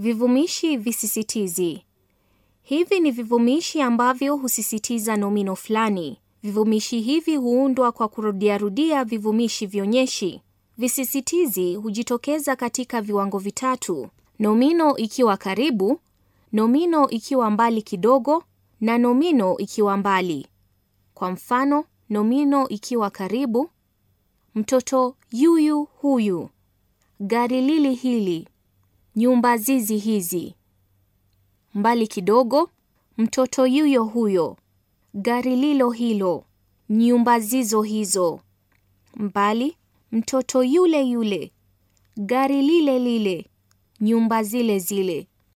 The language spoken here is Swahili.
Vivumishi visisitizi. Hivi ni vivumishi ambavyo husisitiza nomino fulani. Vivumishi hivi huundwa kwa kurudiarudia vivumishi vionyeshi. Visisitizi hujitokeza katika viwango vitatu: nomino ikiwa karibu, nomino ikiwa mbali kidogo, na nomino ikiwa mbali. Kwa mfano, nomino ikiwa karibu: mtoto yuyu huyu, gari lili hili. Nyumba zizi hizi. Mbali kidogo, mtoto yuyo huyo. Gari lilo hilo. Nyumba zizo hizo. Mbali, mtoto yule yule. Gari lile lile. Nyumba zile zile.